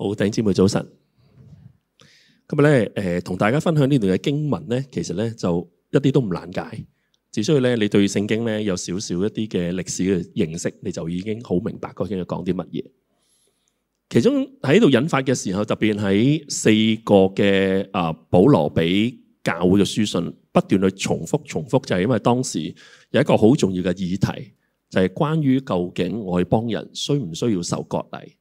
好，弟兄姊妹早晨。今日咧，誒，同大家分享呢段嘅經文咧，其實咧就一啲都唔難解，只需要咧你對聖經咧有少少一啲嘅歷史嘅認識，你就已經好明白究竟要講啲乜嘢。其中喺度引發嘅時候，特別喺四個嘅啊保羅俾教會嘅書信不斷去重複重複，就係因為當時有一個好重要嘅議題，就係關於究竟外邦人需唔需要受割禮？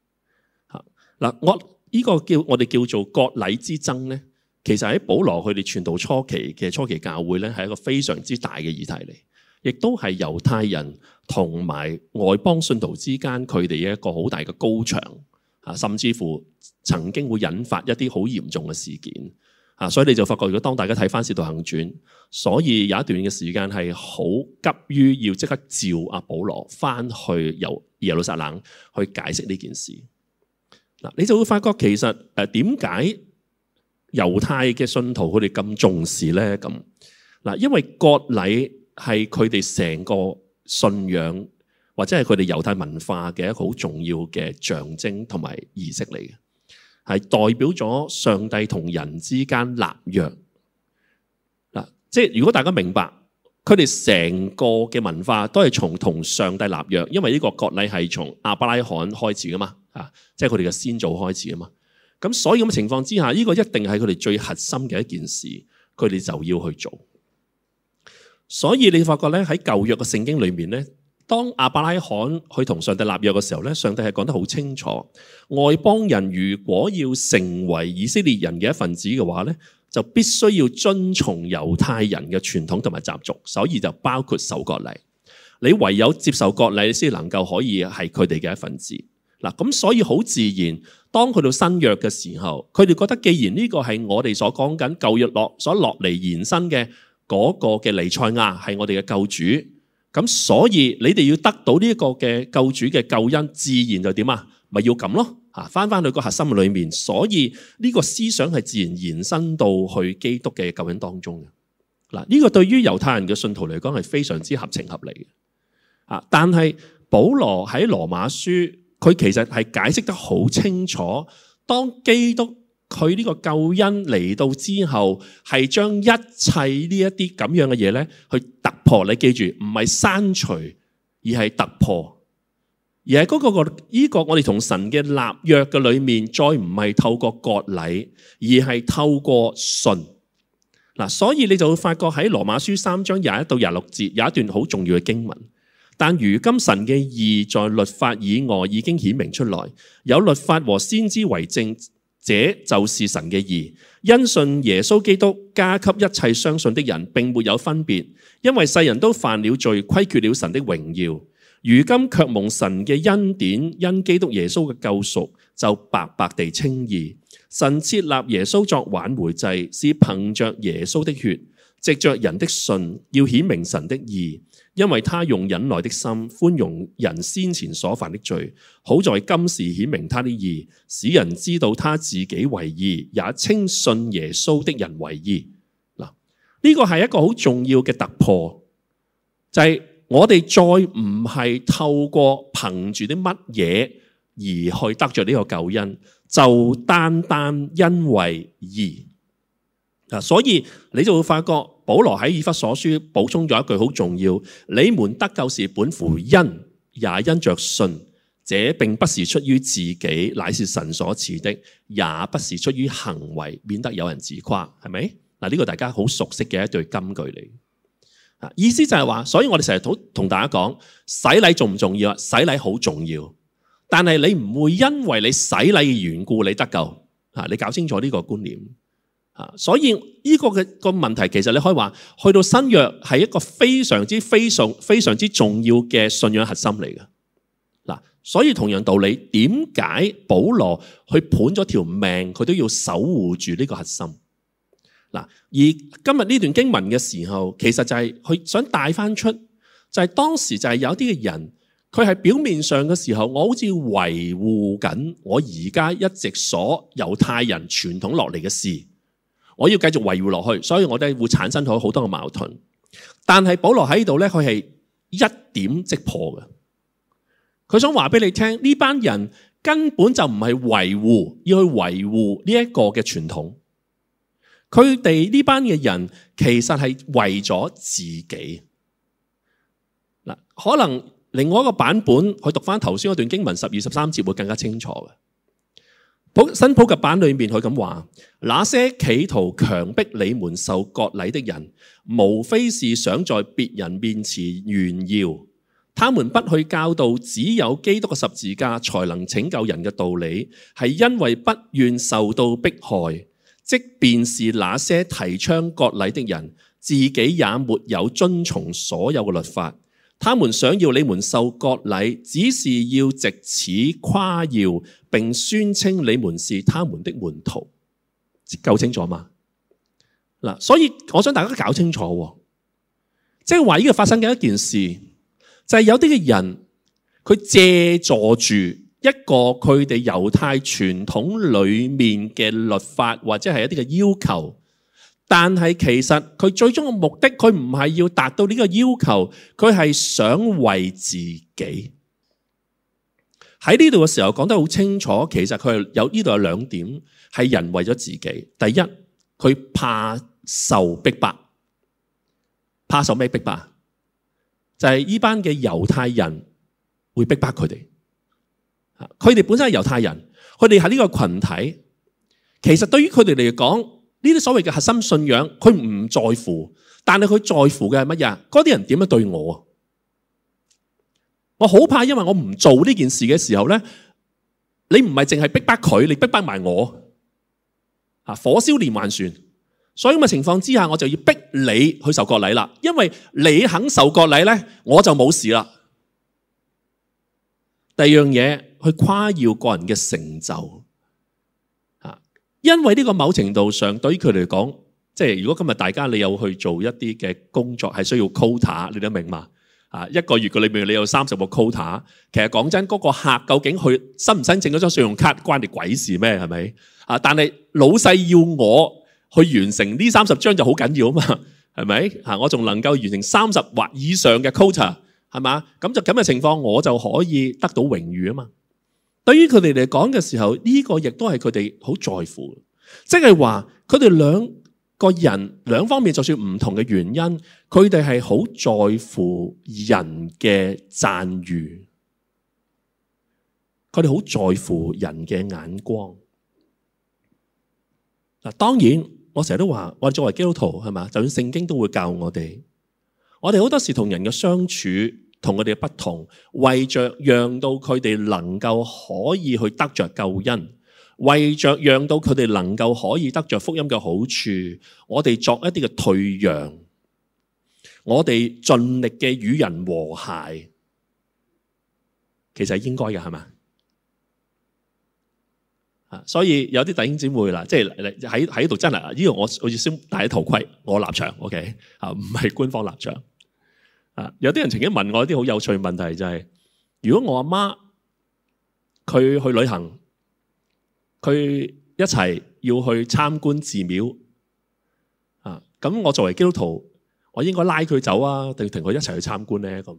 嗱，我呢個叫我哋叫做割禮之爭呢，其實喺保羅佢哋傳道初期嘅初期教會呢，係一個非常之大嘅議題嚟，亦都係猶太人同埋外邦信徒之間佢哋一個好大嘅高牆啊，甚至乎曾經會引發一啲好嚴重嘅事件啊，所以你就發覺，如果當大家睇翻《使徒行傳》，所以有一段嘅時間係好急於要即刻召阿保羅翻去由耶路撒冷去解釋呢件事。你就會發覺其實誒點解猶太嘅信徒佢哋咁重視呢？咁嗱，因為割禮係佢哋成個信仰或者係佢哋猶太文化嘅一個好重要嘅象徵同埋儀式嚟嘅，係代表咗上帝同人之間立約嗱。即係如果大家明白。佢哋成個嘅文化都係從同上帝立約，因為呢個割禮係從亞伯拉罕開始噶嘛，啊，即係佢哋嘅先祖開始噶嘛。咁、啊、所以咁情況之下，呢個一定係佢哋最核心嘅一件事，佢哋就要去做。所以你發覺咧，喺舊約嘅聖經裏面咧，當亞伯拉罕去同上帝立約嘅時候咧，上帝係講得好清楚，外邦人如果要成為以色列人嘅一份子嘅話咧，就必須要遵從猶太人嘅傳統同埋習俗，所以就包括受割禮。你唯有接受割禮，先能夠可以係佢哋嘅一份子。嗱、啊，咁所以好自然，當佢到新約嘅時候，佢哋覺得既然呢個係我哋所講緊舊約落所落嚟延伸嘅嗰個嘅彌賽亞係我哋嘅救主，咁所以你哋要得到呢個嘅救主嘅救恩，自然就點啊？咪要咁咯。啊！翻翻去個核心裏面，所以呢個思想係自然延伸到去基督嘅救恩當中嘅。嗱，呢個對於猶太人嘅信徒嚟講係非常之合情合理嘅。但係保羅喺羅馬書，佢其實係解釋得好清楚。當基督佢呢個救恩嚟到之後，係將一切呢一啲咁樣嘅嘢呢去突破。你記住，唔係刪除，而係突破。而喺嗰個個依個，我哋同神嘅立約嘅裏面，再唔係透過割禮，而係透過信。嗱，所以你就會發覺喺羅馬書三章廿一到廿六節有一段好重要嘅經文。但如今神嘅義在律法以外已經顯明出來，有律法和先知為證者，就是神嘅義。因信耶穌基督加給一切相信的人，並沒有分別，因為世人都犯了罪，虧缺了神的榮耀。如今卻蒙神嘅恩典，因基督耶穌嘅救贖，就白白地稱義。神設立耶穌作挽回祭，是憑着耶穌的血，藉着人的信，要顯明神的義。因為他用忍耐的心寬容人先前所犯的罪，好在今時顯明他的義，使人知道他自己為義，也稱信耶穌的人為義。嗱，呢個係一個好重要嘅突破，就係、是。我哋再唔係透過憑住啲乜嘢而去得着呢個救恩，就單單因為而嗱，所以你就會發覺保羅喺以弗所書補充咗一句好重要：你們得救是本乎恩，也因着信。這並不是出於自己，乃是神所賜的，也不是出於行為，免得有人自誇。係咪？嗱，呢個大家好熟悉嘅一對金句嚟。意思就係話，所以我哋成日同同大家講，洗禮重唔重要啊？洗禮好重要，但係你唔會因為你洗禮嘅緣故，你得救啊！你搞清楚呢個觀念啊！所以呢個嘅、這個問題，其實你可以話，去到新約係一個非常之非常非常之重要嘅信仰核心嚟嘅。嗱、啊，所以同樣道理，點解保羅去判咗條命，佢都要守護住呢個核心？嗱，而今日呢段經文嘅時候，其實就係佢想帶翻出，就係、是、當時就係有啲嘅人，佢係表面上嘅時候，我好似維護緊我而家一直所猶太人傳統落嚟嘅事，我要繼續維護落去，所以我哋係會產生好好多嘅矛盾。但係保羅喺呢度呢，佢係一點即破嘅，佢想話俾你聽，呢班人根本就唔係維護，要去維護呢一個嘅傳統。佢哋呢班嘅人其實係為咗自己嗱，可能另外一個版本佢讀翻頭先嗰段經文十二十三節會更加清楚嘅。新普及版裏面佢咁話： 那些企圖強迫你們受割禮的人，無非是想在別人面前炫耀，他們不去教導只有基督嘅十字架才能拯救人嘅道理，係因為不願受到迫害。即便是那些提倡割禮的人，自己也沒有遵從所有嘅律法。他們想要你們受割禮，只是要借此誇耀，並宣稱你們是他們的門徒。夠清楚嘛？嗱，所以我想大家搞清楚，即係話呢個發生緊一件事，就係、是、有啲嘅人佢借助住。一個佢哋猶太傳統裏面嘅律法，或者係一啲嘅要求，但係其實佢最終嘅目的，佢唔係要達到呢個要求，佢係想為自己喺呢度嘅時候講得好清楚。其實佢有呢度有兩點係人為咗自己。第一，佢怕受逼迫，怕受咩逼迫？就係呢班嘅猶太人會逼迫佢哋。佢哋本身係猶太人，佢哋係呢個群體。其實對於佢哋嚟講，呢啲所謂嘅核心信仰，佢唔在乎。但係佢在乎嘅係乜嘢？嗰啲人點樣對我？我好怕，因為我唔做呢件事嘅時候呢，你唔係淨係逼迫佢，你逼迫埋我。啊！火燒連環船，所以咁嘅情況之下，我就要逼你去受割禮啦。因為你肯受割禮呢，我就冇事啦。第二樣嘢。去誇耀個人嘅成就嚇，因為呢個某程度上對於佢嚟講，即係如果今日大家你有去做一啲嘅工作係需要 quota，你都明嘛？啊，一個月嘅裏面你有三十個 quota，其實講真嗰個客究竟去申唔申請嗰張信用卡關你鬼事咩？係咪啊？但係老細要我去完成呢三十張就好緊要啊嘛，係咪啊？我仲能夠完成三十或以上嘅 quota 係嘛？咁就咁嘅情況，我就可以得到榮譽啊嘛。對於佢哋嚟講嘅時候，呢個亦都係佢哋好在乎的，即係話佢哋兩個人兩方面，就算唔同嘅原因，佢哋係好在乎人嘅讚譽，佢哋好在乎人嘅眼光。嗱，當然我成日都話，我，說我們作為基督徒係嘛，就算聖經都會教我哋，我哋好多時同人嘅相處。同佢哋嘅不同，為着讓到佢哋能夠可以去得着救恩，為着讓到佢哋能夠可以得着福音嘅好處，我哋作一啲嘅退讓，我哋盡力嘅與人和諧，其實係應該嘅，係嘛？啊，所以有啲弟兄姊妹啦，即係喺喺度真係，呢個我好似先戴咗頭盔，我立場，OK，啊，唔係官方立場。有啲人曾經問我一啲好有趣問題，就係，就係如果我阿媽佢去旅行，佢一齊要去參觀寺廟啊，咁我作為基督徒，我應該拉佢走啊，定同佢一齊去參觀呢？咁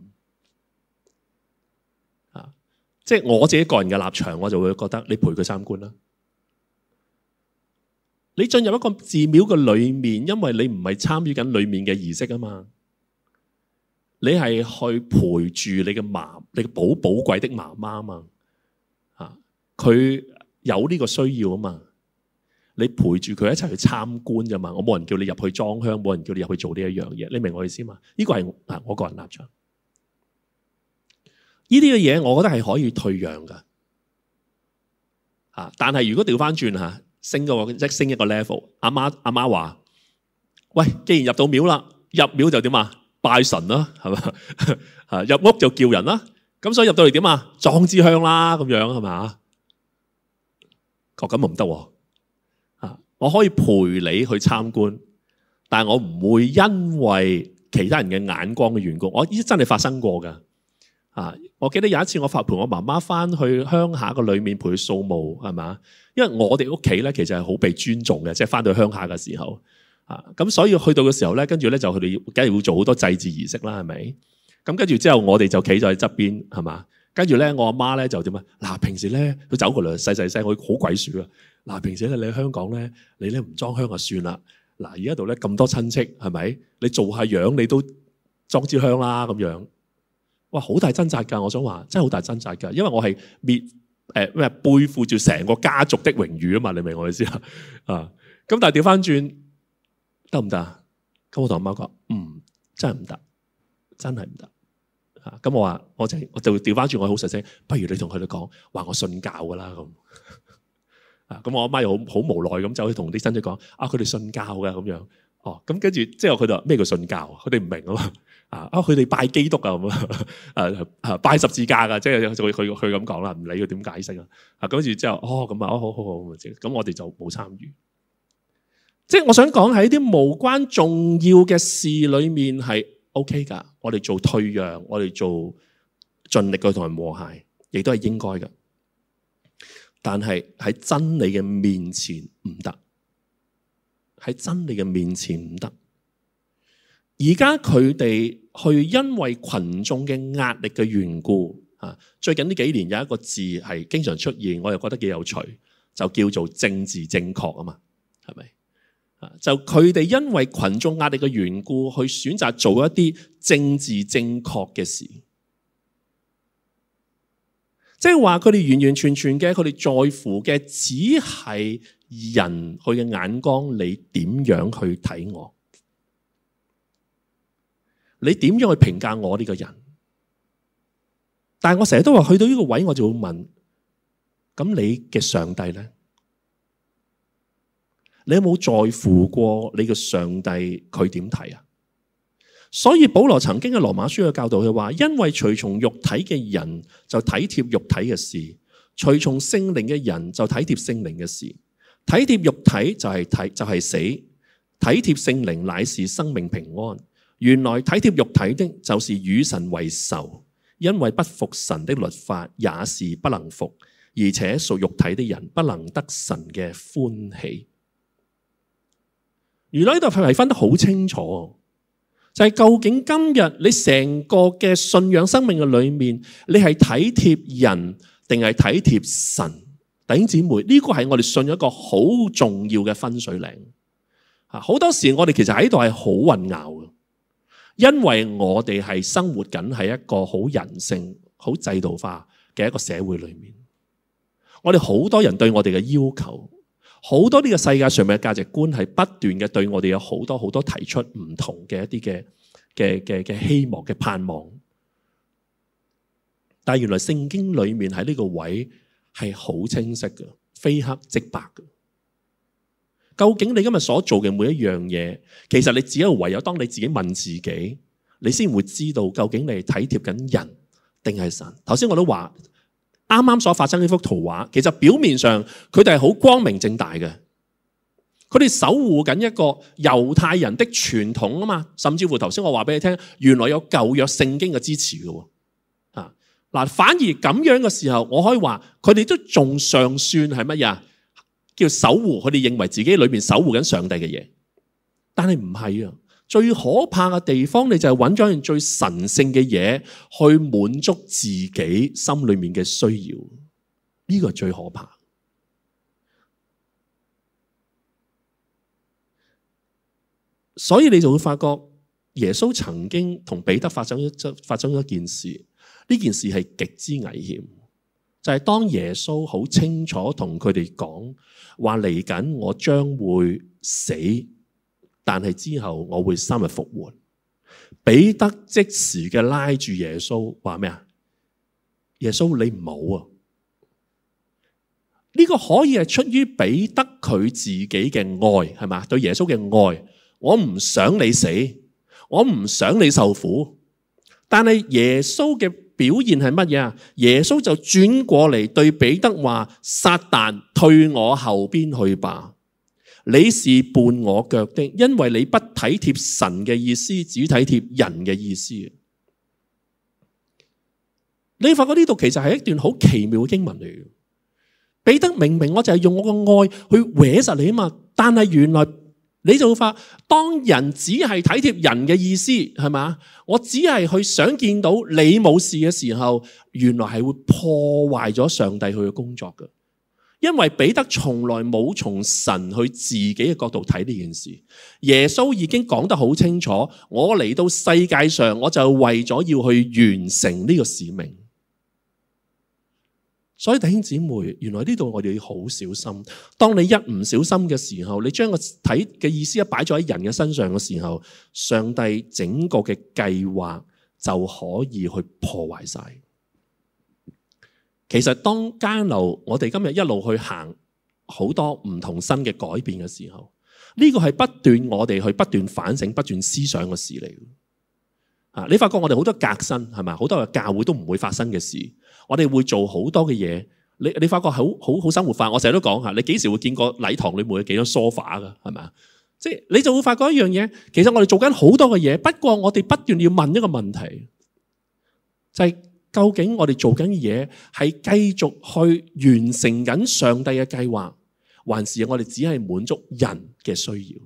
即係我自己個人嘅立場，我就會覺得你陪佢參觀啦。你進入一個寺廟嘅裏面，因為你唔係參與緊裏面嘅儀式啊嘛。你係去陪住你嘅媽，你嘅寶寶貴的媽媽嘛？啊，佢有呢個需要啊嘛？你陪住佢一齊去參觀啫嘛？我冇人叫你入去裝香，冇人叫你入去做呢一樣嘢，你明我意思嘛？呢個係啊我個人立場，呢啲嘅嘢我覺得係可以退讓噶。啊，但係如果調翻轉吓，升個一升一個 level，阿媽阿媽話：喂，既然入到廟啦，入廟就點啊？拜神啦、啊，係嘛？ 入屋就叫人啦、啊，咁所以入到嚟點啊？裝支香啦，咁、哦、樣係嘛、啊？咁咁又唔得啊！我可以陪你去參觀，但係我唔會因為其他人嘅眼光嘅緣故，我依真係發生過噶。啊，我記得有一次我發陪我媽媽翻去鄉下個裏面陪佢掃墓，係嘛？因為我哋屋企咧其實係好被尊重嘅，即係翻到鄉下嘅時候。啊，咁所以去到嘅時候咧，跟住咧就佢哋梗係會做好多祭祀儀式啦，係咪？咁跟住之後我，我哋就企咗喺側邊，係嘛？跟住咧，我阿媽咧就點啊？嗱，平時咧佢走過嚟細細聲，我好鬼鼠啊！嗱，平時咧你喺香港咧，你咧唔裝香就算啦。嗱，而家度咧咁多親戚，係咪？你做下樣，你都裝支香啦咁樣。哇，好大掙扎㗎！我想話真係好大掙扎㗎，因為我係滅誒咩、呃、背負住成個家族的榮譽啊嘛，你明我意思啊？啊，咁但係調翻轉。得唔得？咁我同阿媽講，唔、嗯，真係唔得，真係唔得。咁我話，我就我就調翻轉，我好實聲，不如你同佢哋講，話我信教噶啦咁。咁我阿媽又好無奈咁走去同啲親戚講，啊佢哋信教噶咁樣。哦，咁跟住之後佢就咩叫信教？佢哋唔明啊嘛。啊，佢哋拜基督啊咁啊，啊，拜十字架噶，即係佢佢咁講啦，唔理佢點解釋啊。咁跟住之後，哦咁、哦、啊，好好好咁，我哋就冇參與。即係我想講喺啲無關重要嘅事裏面係 OK 噶，我哋做退讓，我哋做盡力去同人和諧，亦都係應該嘅。但係喺真理嘅面前唔得，喺真理嘅面前唔得。而家佢哋去因為群眾嘅壓力嘅緣故啊，最近呢幾年有一個字係經常出現，我又覺得幾有趣，就叫做政治正確啊嘛，係咪？就佢哋因為群眾壓力嘅緣故，去選擇做一啲政治正確嘅事，即係話佢哋完完全全嘅，佢哋在乎嘅只係人佢嘅眼光，你點樣去睇我？你點樣去評價我呢個人？但係我成日都話去到呢個位，我就會問：咁你嘅上帝呢？」你有冇在乎過你嘅上帝佢點睇啊？所以保羅曾經嘅羅馬書嘅教導佢話：因為隨從肉體嘅人就體貼肉體嘅事，隨從聖靈嘅人就體貼聖靈嘅事。體貼肉體就係體，就係死，體貼聖靈乃是生命平安。原來體貼肉體的，就是與神為仇，因為不服神的律法也是不能服，而且屬肉體的人不能得神嘅歡喜。原來呢度係分得好清楚，就係究竟今日你成個嘅信仰生命嘅裏面，你係體貼人定係體貼神？弟兄姊妹，呢個係我哋信一個好重要嘅分水嶺。啊，好多時我哋其實喺度係好混淆嘅，因為我哋係生活緊喺一個好人性、好制度化嘅一個社會裏面，我哋好多人對我哋嘅要求。好多呢個世界上面嘅價值觀係不斷嘅對我哋有好多好多提出唔同嘅一啲嘅嘅嘅嘅希望嘅盼望，但係原來聖經裏面喺呢個位係好清晰嘅，非黑即白嘅。究竟你今日所做嘅每一樣嘢，其實你只有唯有當你自己問自己，你先會知道究竟你係體貼緊人定係神。頭先我都話。啱啱所發生呢幅圖畫，其實表面上佢哋係好光明正大嘅，佢哋守護緊一個猶太人的傳統啊嘛，甚至乎頭先我話俾你聽，原來有舊約聖經嘅支持嘅，啊嗱，反而咁樣嘅時候，我可以話佢哋都仲尚算係乜嘢？叫守護佢哋認為自己裏面守護緊上帝嘅嘢，但係唔係啊。最可怕嘅地方，你就係揾咗一件最神聖嘅嘢去滿足自己心裏面嘅需要，呢、這個最可怕。所以你就會發覺，耶穌曾經同彼得發生一發生一件事，呢件事係極之危險，就係、是、當耶穌好清楚同佢哋講話嚟緊，我將會死。但係之後我會三日復活。彼得即時嘅拉住耶穌，話咩啊？耶穌你唔好啊！呢個可以係出於彼得佢自己嘅愛，係嘛？對耶穌嘅愛，我唔想你死，我唔想你受苦。但係耶穌嘅表現係乜嘢啊？耶穌就轉過嚟對彼得話：撒旦，退我後邊去吧。你是絆我腳的，因為你不體貼神嘅意思，只體貼人嘅意思。你發覺呢度其實係一段好奇妙嘅經文嚟嘅。彼得明明，我就係用我嘅愛去搲實你啊嘛，但係原來你就會發，當人只係體貼人嘅意思，係嘛？我只係去想見到你冇事嘅時候，原來係會破壞咗上帝佢嘅工作嘅。因為彼得從來冇從神去自己嘅角度睇呢件事，耶穌已經講得好清楚，我嚟到世界上，我就為咗要去完成呢個使命。所以弟兄姊妹，原來呢度我哋要好小心。當你一唔小心嘅時候，你將個意思一擺咗喺人嘅身上嘅時候，上帝整個嘅計劃就可以去破壞晒。其實當間路，我哋今日一路去行好多唔同新嘅改變嘅時候，呢個係不斷我哋去不斷反省、不斷思想嘅事嚟。啊，你發覺我哋好多革新係咪，好多嘅教會都唔會發生嘅事，我哋會做好多嘅嘢。你你發覺好好好生活化，我成日都講吓，你幾時會見過禮堂裏面有幾張 sofa 噶？係咪？即係你就會發覺一樣嘢，其實我哋做緊好多嘅嘢，不過我哋不斷要問一個問題，就係。究竟我哋做緊嘢，係繼續去完成緊上帝嘅計劃，還是我哋只係滿足人嘅需要？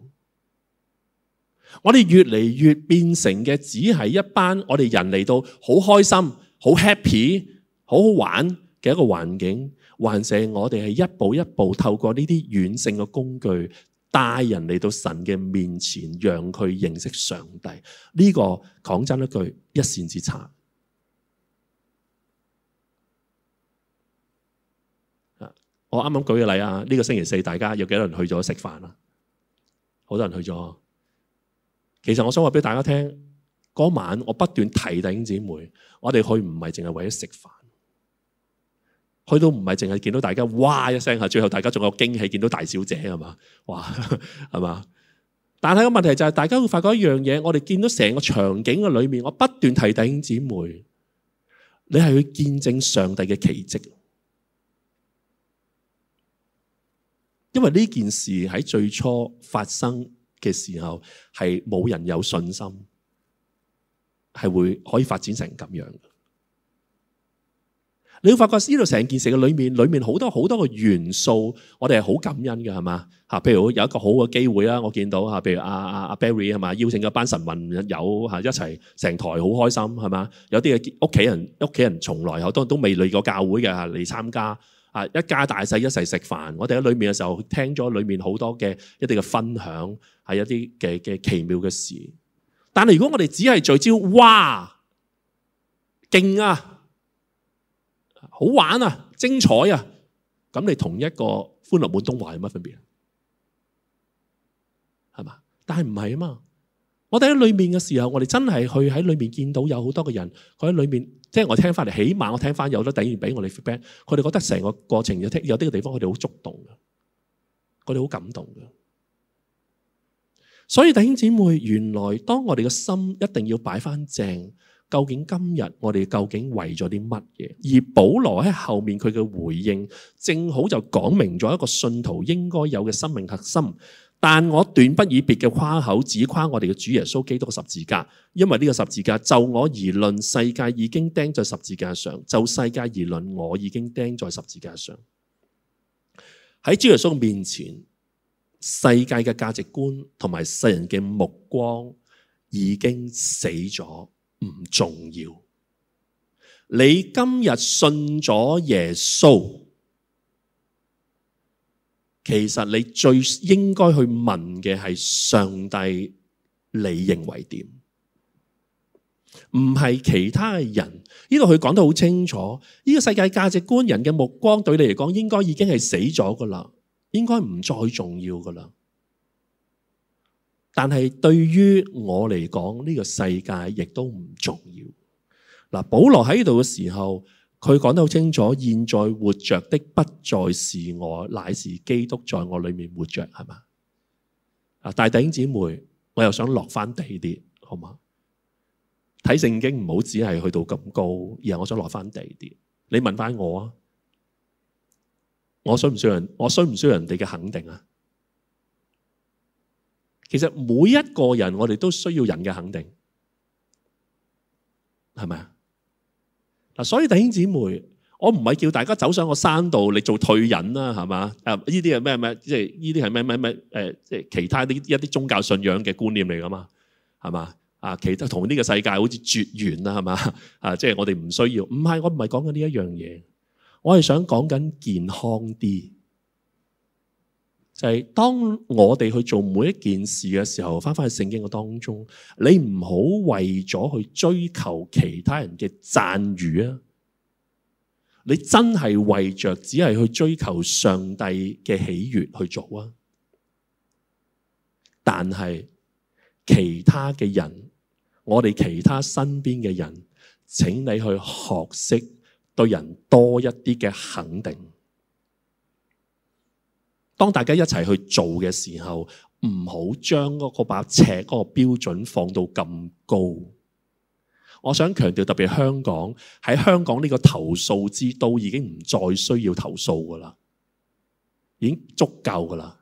我哋越嚟越變成嘅只係一班我哋人嚟到好開心、好 happy、好好玩嘅一個環境，還是我哋係一步一步透過呢啲軟性嘅工具帶人嚟到神嘅面前，讓佢認識上帝？呢個講真一句，一線之差。我啱啱舉個例啊！呢個星期四大家有幾多人去咗食飯啊？好多人去咗。其實我想話俾大家聽，嗰晚我不斷提弟兄姊妹，我哋去唔係淨係為咗食飯，去到唔係淨係見到大家哇一聲嚇，最後大家仲有驚喜，見到大小姐係嘛？哇係嘛？但係個問題就係大家會發覺一樣嘢，我哋見到成個場景嘅裏面，我不斷提弟兄姊妹，你係去見證上帝嘅奇蹟。因為呢件事喺最初發生嘅時候，係冇人有信心，係會可以發展成咁樣。你會發覺呢度成件事嘅裏面，裏面好多好多嘅元素，我哋係好感恩嘅，係嘛吓？譬如有一個好嘅機會啦，我見到吓，譬如阿阿阿 Barry 係嘛，邀請咗班神民友吓一齊，成台好開心，係嘛？有啲嘅屋企人，屋企人從來好多都未嚟過教會嘅吓嚟參加。啊！一家大細一齊食飯，我哋喺裏面嘅時候聽咗裏面好多嘅一啲嘅分享，係一啲嘅嘅奇妙嘅事。但係如果我哋只係聚焦，哇！勁啊！好玩啊！精彩啊！咁你同一個歡樂滿東華有乜分別啊？係嘛？但係唔係啊嘛？我哋喺裏面嘅時候，我哋真係去喺裏面見到有好多嘅人，佢喺裏面。即係我聽翻嚟，起碼我聽翻有咗底，俾我哋 feedback。佢哋覺得成個過程有啲有啲嘅地方，佢哋好觸動嘅，佢哋好感動嘅。所以弟兄姊妹，原來當我哋嘅心一定要擺翻正，究竟今日我哋究竟為咗啲乜嘢？而保羅喺後面佢嘅回應，正好就講明咗一個信徒應該有嘅生命核心。但我斷不以別嘅誇口，只誇我哋嘅主耶穌基督嘅十字架，因為呢個十字架就我而論，世界已經釘在十字架上；就世界而論，我已經釘在十字架上。喺主耶穌面前，世界嘅價值觀同埋世人嘅目光已經死咗，唔重要。你今日信咗耶穌。其實你最應該去問嘅係上帝，你認為點？唔係其他人，呢度佢講得好清楚。呢個世界價值觀、人嘅目光對你嚟講，應該已經係死咗㗎喇，應該唔再重要㗎喇。但係對於我嚟講，呢個世界亦都唔重要。嗱，保羅喺度嘅時候。佢講得好清楚，現在活着的不再是我，乃是基督在我裏面活着，係嘛？弟兄姊妹，我又想落翻地啲，好嗎？睇聖經唔好只係去到咁高，而係我想落翻地啲。你問翻我，我需唔需要人？我需唔需要人哋嘅肯定啊？其實每一個人，我哋都需要人嘅肯定，係咪啊？嗱，所以弟兄姊妹，我唔係叫大家走上個山度，你做退隱啦，係嘛？誒、啊，呢啲係咩咩？即係呢啲係咩咩咩？誒，即係其他啲一啲宗教信仰嘅觀念嚟噶嘛？係嘛？啊，其他同呢個世界好似絕緣啦，係嘛？啊，即係我哋唔需要。唔係，我唔係講緊呢一樣嘢，我係想講緊健康啲。係當我哋去做每一件事嘅時候，返返去聖經個當中，你唔好為咗去追求其他人嘅讚譽啊！你真係為着只係去追求上帝嘅喜悦去做啊！但係其他嘅人，我哋其他身邊嘅人，請你去學識對人多一啲嘅肯定。當大家一齊去做嘅時候，唔好將嗰個把尺嗰個標準放到咁高。我想強調，特別香港喺香港呢個投訴之都，已經唔再需要投訴噶啦，已經足夠噶啦。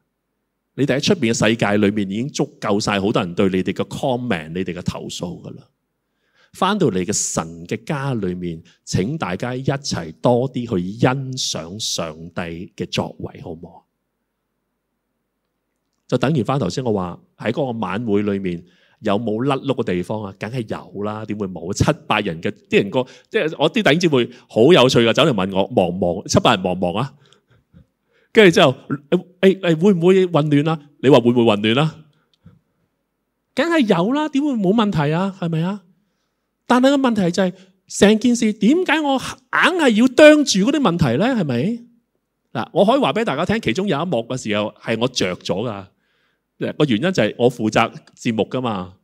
你哋喺出邊嘅世界裏面已經足夠晒，好多人對你哋嘅 comment、你哋嘅投訴噶啦。翻到你嘅神嘅家裏面，請大家一齊多啲去欣賞上帝嘅作為，好唔好？就等完翻頭先，我話喺嗰個晚會裏面有冇甩碌嘅地方啊？梗係有啦，點會冇？七百人嘅啲人個，即係我啲弟姊妹好有趣嘅，走嚟問我忙唔忙？七百人忙唔忙啊？跟住之後誒誒誒，會唔會混亂啊？你話會唔會混亂啊？梗係有啦，點會冇問題啊？係咪啊？但係個問題就係成件事點解我硬係要啄住嗰啲問題咧？係咪嗱？我可以話俾大家聽，其中有一幕嘅時候係我著咗噶。個原因就係我負責字幕噶嘛，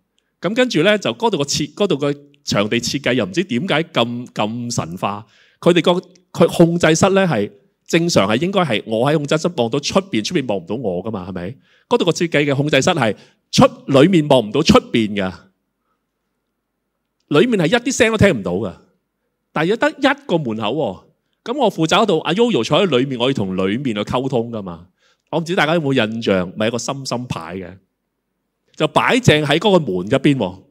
咁跟住呢，就嗰度個設，嗰度個場地設計又唔知點解咁咁神化。佢哋個佢控制室呢，係正常係應該係我喺控制室望到出邊，出邊望唔到我噶嘛，係咪？嗰度個設計嘅控制室係出裏面望唔到出邊嘅，裏面係一啲聲都聽唔到噶。但係得一個門口、哦，咁我負責度，阿 Yoyo 坐喺裏面，我要同裏面去溝通噶嘛。我唔知大家有冇印象，咪一個心心牌嘅，就擺正喺嗰個門入邊，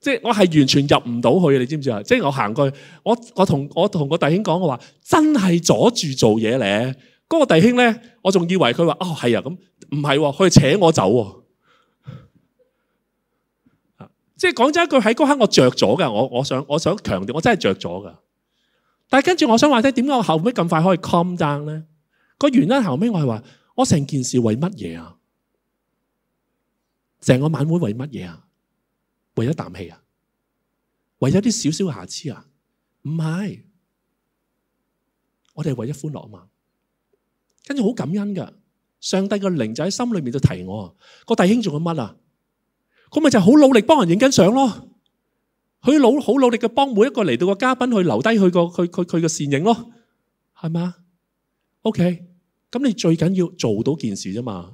即係我係完全入唔到去了，你知唔知啊？即係我行過去，我我同我同個弟兄講，我話真係阻住做嘢咧。嗰個弟兄咧，我仲以為佢話哦，係啊咁，唔係、啊，佢請我走。啊，即係講真一句，喺嗰刻我着咗噶，我我，我想我想強調，我真係着咗噶。但係跟住我想話咧，點解我後尾咁快可以 calm down 咧？個原因後尾我係話，我成件事為乜嘢啊？成個晚會為乜嘢啊？為咗啖氣啊？為咗啲少少瑕疵啊？唔係，我哋為咗歡樂啊嘛。跟住好感恩嘅，上帝嘅靈就喺心裏面度提我。個弟兄做緊乜啊？佢咪就好努力幫人影緊相咯。佢努好努力嘅幫每一個嚟到嘅嘉賓去留低佢個佢佢佢嘅倩影咯，係咪啊？OK。咁你最緊要做到件事啫嘛，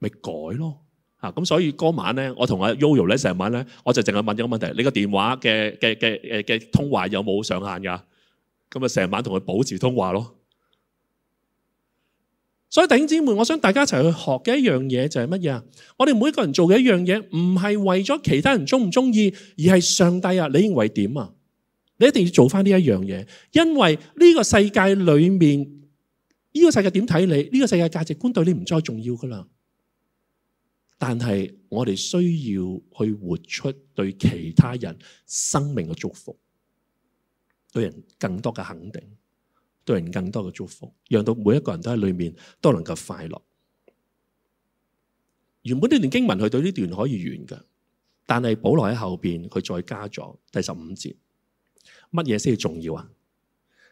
咪改咯，吓，咁所以嗰晚咧，我同阿 Yoyo 咧成晚咧，我就淨係問咗個問題：你個電話嘅嘅嘅嘅通話有冇上限噶咁啊，成晚同佢保持通話咯。所以弟兄姊妹，我想大家一齊去學嘅一樣嘢就係乜嘢啊？我哋每一個人做嘅一樣嘢，唔係為咗其他人鍾唔鍾意，而係上帝啊！你認為點啊？你一定要做翻呢一樣嘢，因為呢個世界裏面。呢個世界點睇你？呢個世界價值觀對你唔再重要噶啦。但係我哋需要去活出對其他人生命嘅祝福，對人更多嘅肯定，對人更多嘅祝福，讓到每一個人都喺裏面都能夠快樂。原本呢段經文佢對呢段可以完嘅，但係保羅喺後邊佢再加咗第十五節，乜嘢先重要啊？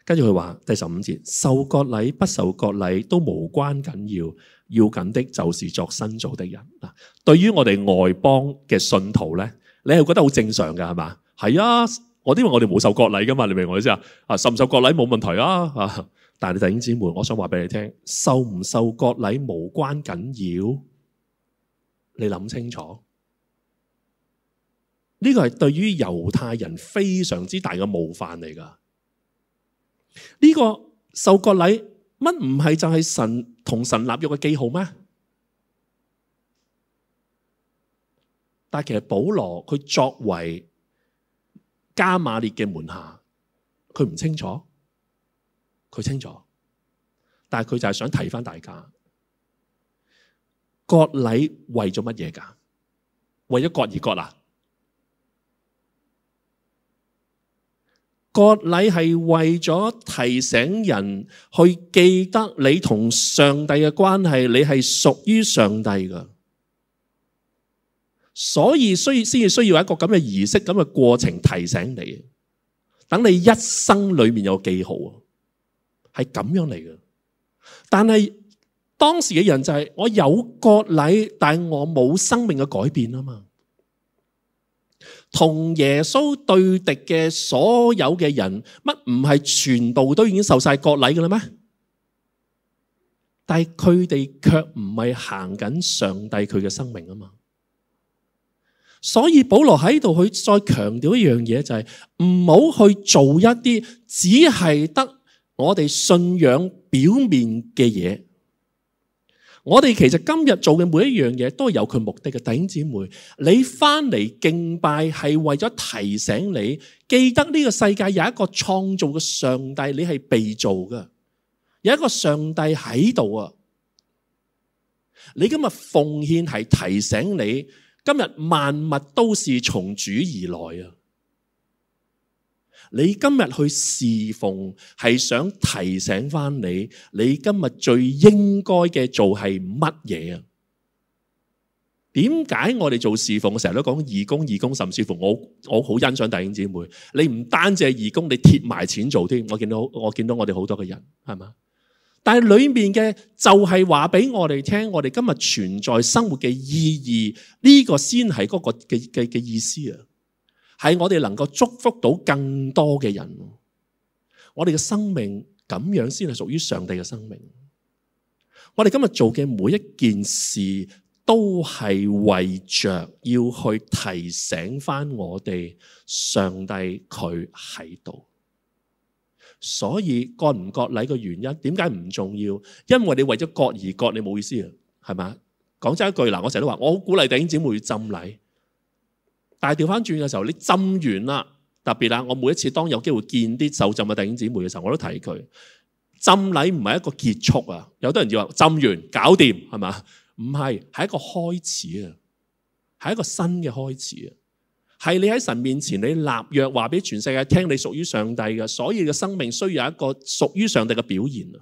跟住佢話第十五節，受割禮不受割禮都無關緊要，要緊的就是作新造的人。嗱，對於我哋外邦嘅信徒咧，你係覺得好正常嘅係嘛？係啊，我因為我哋冇受割禮噶嘛？你明唔明我意思啊？啊，受唔受割禮冇問題啊？啊，但係弟兄姊妹，我想話俾你聽，受唔受割禮無關緊要，你諗清楚，呢個係對於猶太人非常之大嘅冒犯嚟噶。呢個受割禮乜唔係就係神同神立約嘅記號咩？但係其實保羅佢作為加馬列嘅門下，佢唔清楚，佢清楚，但係佢就係想提翻大家，割禮為咗乜嘢㗎？為咗割而割啦，啊。割禮係為咗提醒人去記得你同上帝嘅關係，你係屬於上帝噶，所以先至需要一個咁嘅儀式，咁嘅過程提醒你，等你一生裏面有記號啊，係咁樣嚟嘅。但係當時嘅人就係我有割禮，但係我冇生命嘅改變啊嘛。同耶穌對敵嘅所有嘅人，乜唔係全部都已經受晒割禮嘅啦咩？但係佢哋卻唔係行緊上帝佢嘅生命啊嘛。所以保羅喺度佢再強調一樣嘢，就係唔好去做一啲只係得我哋信仰表面嘅嘢。我哋其實今日做嘅每一樣嘢都係有佢目的嘅，弟兄姊妹，你翻嚟敬拜係為咗提醒你，記得呢個世界有一個創造嘅上帝，你係被造嘅，有一個上帝喺度啊！你今日奉獻係提醒你，今日萬物都是從主而來啊！你今日去侍奉，係想提醒翻你，你今日最應該嘅做係乜嘢啊？點解我哋做侍奉，成日都講義工、義工，甚至乎我我好欣賞弟兄姊妹，你唔單止係義工，你貼埋錢做添。我見到我見到我哋好多嘅人，係嘛？但係裏面嘅就係話俾我哋聽，我哋今日存在生活嘅意義呢個先係嗰個嘅嘅嘅意思啊！係我哋能夠祝福到更多嘅人，我哋嘅生命咁樣先係屬於上帝嘅生命。我哋今日做嘅每一件事，都係為着要去提醒翻我哋上帝佢喺度。所以，割唔割禮嘅原因，點解唔重要？因為你為咗割而割，你冇意思啊，係嘛？講真一句，嗱，我成日都話，我好鼓勵弟兄姊妹要浸禮。但係調翻轉嘅時候，你浸完啦，特別啊！我每一次當有機會見啲受浸嘅弟兄姊妹嘅時候，我都提佢浸禮唔係一個結束啊！有啲人就話浸完搞掂係嘛？唔係，係一個開始啊，係一個新嘅開始啊！係你喺神面前你立約，話俾全世界聽你屬於上帝嘅，所以你嘅生命需要有一個屬於上帝嘅表現啊！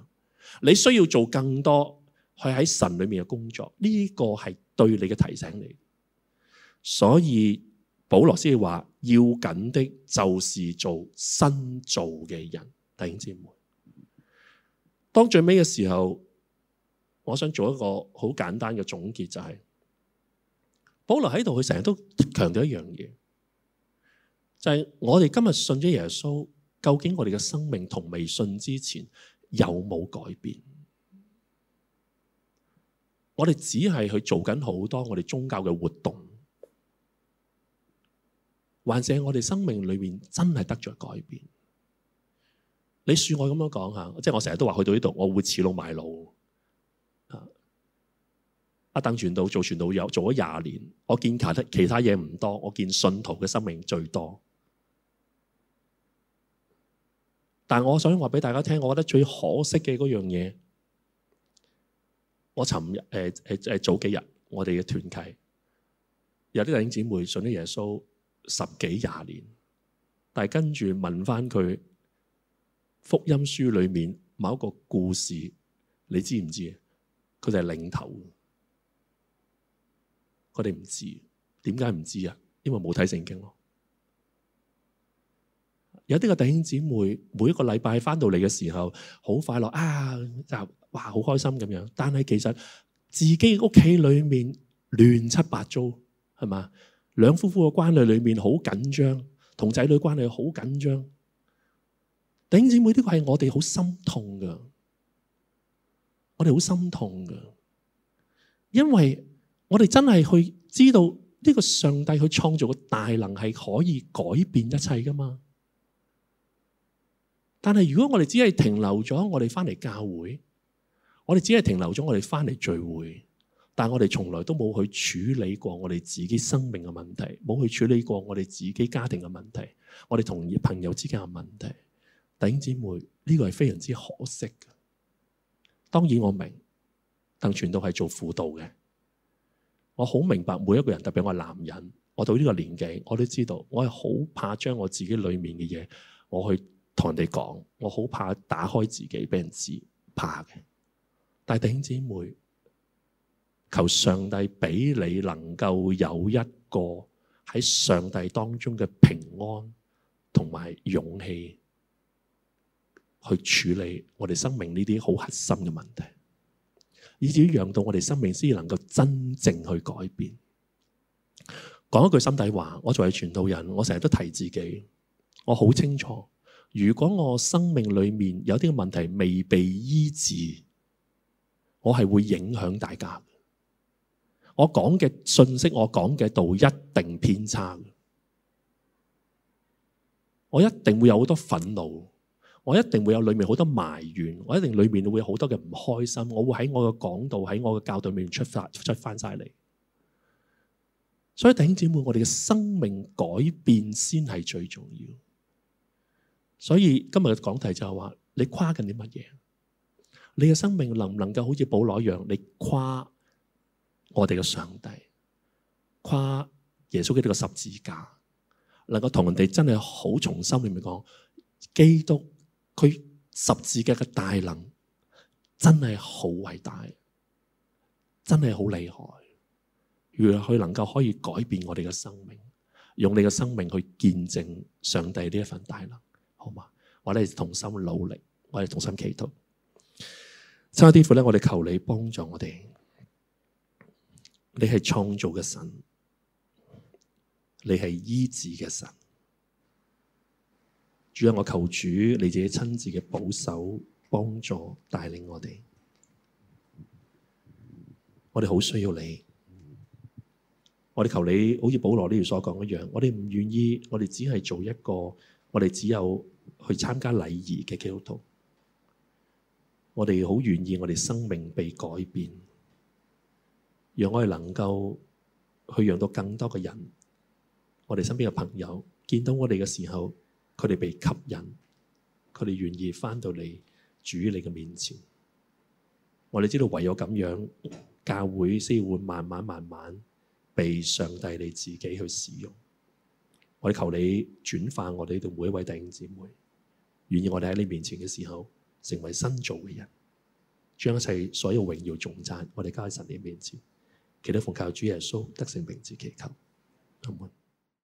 你需要做更多去喺神裏面嘅工作，呢個係對你嘅提醒你，所以。保羅先話要緊的，就是做新造嘅人。弟兄姊妹，當最尾嘅時候，我想做一個好簡單嘅總結，就係保羅喺度，佢成日都強調一樣嘢，就係我哋今日信咗耶穌，究竟我哋嘅生命同未信之前有冇改變？我哋只係去做緊好多我哋宗教嘅活動。或者我哋生命裏面真係得咗改變。你恕我咁樣講下，即係我成日都話去到呢度，我會死路埋路。阿鄧傳道做傳道有做咗廿年，我見其他其他嘢唔多，我見信徒嘅生命最多。但係我想話俾大家聽，我覺得最可惜嘅嗰樣嘢，我尋日、誒誒誒，早幾日我哋嘅團契，有啲弟兄姊妹信咗耶穌。十幾廿年，但係跟住問翻佢福音書裏面某一個故事，你知唔知？佢就係領頭，佢哋唔知，點解唔知啊？因為冇睇聖經咯。有啲個弟兄姊妹每一個禮拜翻到嚟嘅時候，好快樂啊！就哇，好開心咁樣。但係其實自己屋企裏面亂七八糟，係嘛？兩夫婦嘅關係裏面好緊張，同仔女關係好緊張。弟兄姊妹呢個係我哋好心痛噶，我哋好心痛噶，因為我哋真係去知道呢個上帝去創造嘅大能係可以改變一切噶嘛。但係如果我哋只係停留咗，我哋翻嚟教會，我哋只係停留咗，我哋翻嚟聚會。但我哋從來都冇去處理過我哋自己生命嘅問題，冇去處理過我哋自己家庭嘅問題，我哋同朋友之間嘅問題，弟兄姊妹呢、這個係非常之可惜嘅。當然我明，鄧傳道係做輔導嘅，我好明白每一個人，特別我係男人，我到呢個年紀，我都知道我係好怕將我自己裏面嘅嘢，我去同人哋講，我好怕打開自己俾人知，怕嘅。但係弟兄姊妹。求上帝俾你能夠有一個喺上帝當中嘅平安同埋勇氣，去處理我哋生命呢啲好核心嘅問題，以至於讓到我哋生命先能夠真正去改變。講一句心底話，我作為傳道人，我成日都提自己，我好清楚，如果我生命裏面有啲問題未被醫治，我係會影響大家。我講嘅信息，我講嘅道一定偏差，我一定會有好多憤怒，我一定會有裏面好多埋怨，我一定裏面會有好多嘅唔開心，我會喺我嘅講道喺我嘅教導面出發出翻晒嚟。所以弟兄姊妹，我哋嘅生命改變先係最重要。所以今日嘅講題就係話，你誇緊啲乜嘢？你嘅生命能唔能夠好似保羅一樣，你誇？我哋嘅上帝誇耶穌基督嘅十字架，能夠同人哋真係好從心裏面講，基督佢十字架嘅大能真係好偉大，真係好厲害。如果佢能夠可以改變我哋嘅生命，用你嘅生命去見證上帝呢一份大能，好嘛？我哋同心努力，我哋同心祈禱。慈愛嘅天父呢，我哋求你幫助我哋。你係創造嘅神，你係醫治嘅神。主啊，我求主你自己親自嘅保守、幫助、帶領我哋。我哋好需要你。我哋求你，好似保羅呢段所講一樣，我哋唔願意，我哋只係做一個，我哋只有去參加禮儀嘅基督徒。我哋好願意，我哋生命被改變。讓我哋能夠去讓到更多嘅人，我哋身邊嘅朋友見到我哋嘅時候，佢哋被吸引，佢哋願意翻到嚟主你嘅面前。我哋知道唯有咁樣，教會先會慢慢慢慢被上帝你自己去使用。我哋求你轉化我哋呢度每一位弟兄姐妹，願意我哋喺你面前嘅時候，成為新造嘅人，將一切所有榮耀頌讚，我哋交喺神你面前。其他奉靠主耶穌得勝名字祈求，阿門。